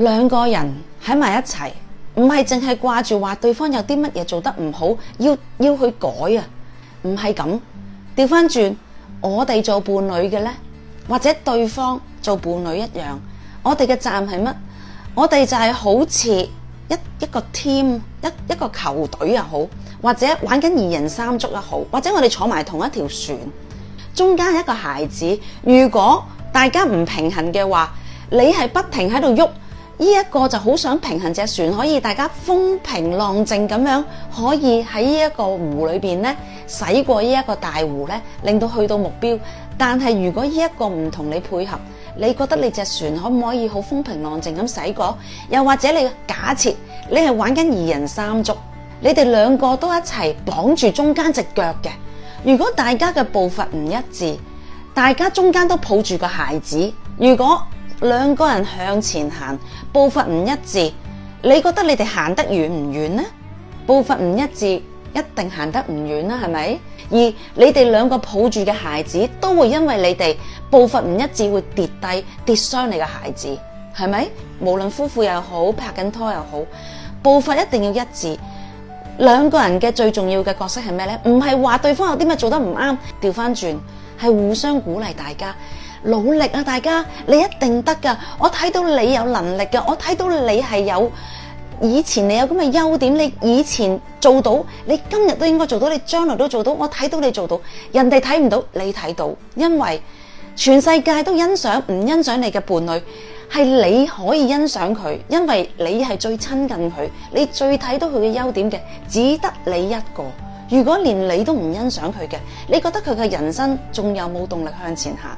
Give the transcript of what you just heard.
兩個人喺埋一齊，唔係淨係掛住話對方有啲乜嘢做得唔好，要要去改啊。唔係咁，調翻轉，我哋做伴侶嘅呢，或者對方做伴侶一樣，我哋嘅責任係乜？我哋就係好似一一個 team 一一個球隊又好，或者玩緊二人三足又好，或者我哋坐埋同一條船，中間一個孩子，如果大家唔平衡嘅話，你係不停喺度喐。呢一個就好想平衡隻船，可以大家風平浪靜咁樣，可以喺呢一個湖裏邊呢，駛過呢一個大湖呢，令到去到目標。但係如果呢一個唔同你配合，你覺得你隻船可唔可以好風平浪靜咁駛過？又或者你假設你係玩緊二人三足，你哋兩個都一齊綁住中間隻腳嘅，如果大家嘅步伐唔一致，大家中間都抱住個孩子，如果，兩個人向前行，步伐唔一致，你覺得你哋行得遠唔遠呢？步伐唔一致，一定行得唔遠啦，係咪？而你哋兩個抱住嘅孩子，都會因為你哋步伐唔一致，會跌低跌傷你嘅孩子，係咪？無論夫婦又好，拍緊拖又好，步伐一定要一致。兩個人嘅最重要嘅角色係咩呢？唔係話對方有啲乜做得唔啱，調翻轉，係互相鼓勵大家。努力啊！大家，你一定得㗎。我睇到你有能力嘅，我睇到你係有以前你有咁嘅優點，你以前做到，你今日都應該做到，你將來都做到。我睇到你做到，人哋睇唔到，你睇到，因為全世界都欣賞唔欣賞你嘅伴侶，係你可以欣賞佢，因為你係最親近佢，你最睇到佢嘅優點嘅，只得你一個。如果連你都唔欣賞佢嘅，你覺得佢嘅人生仲有冇動力向前行？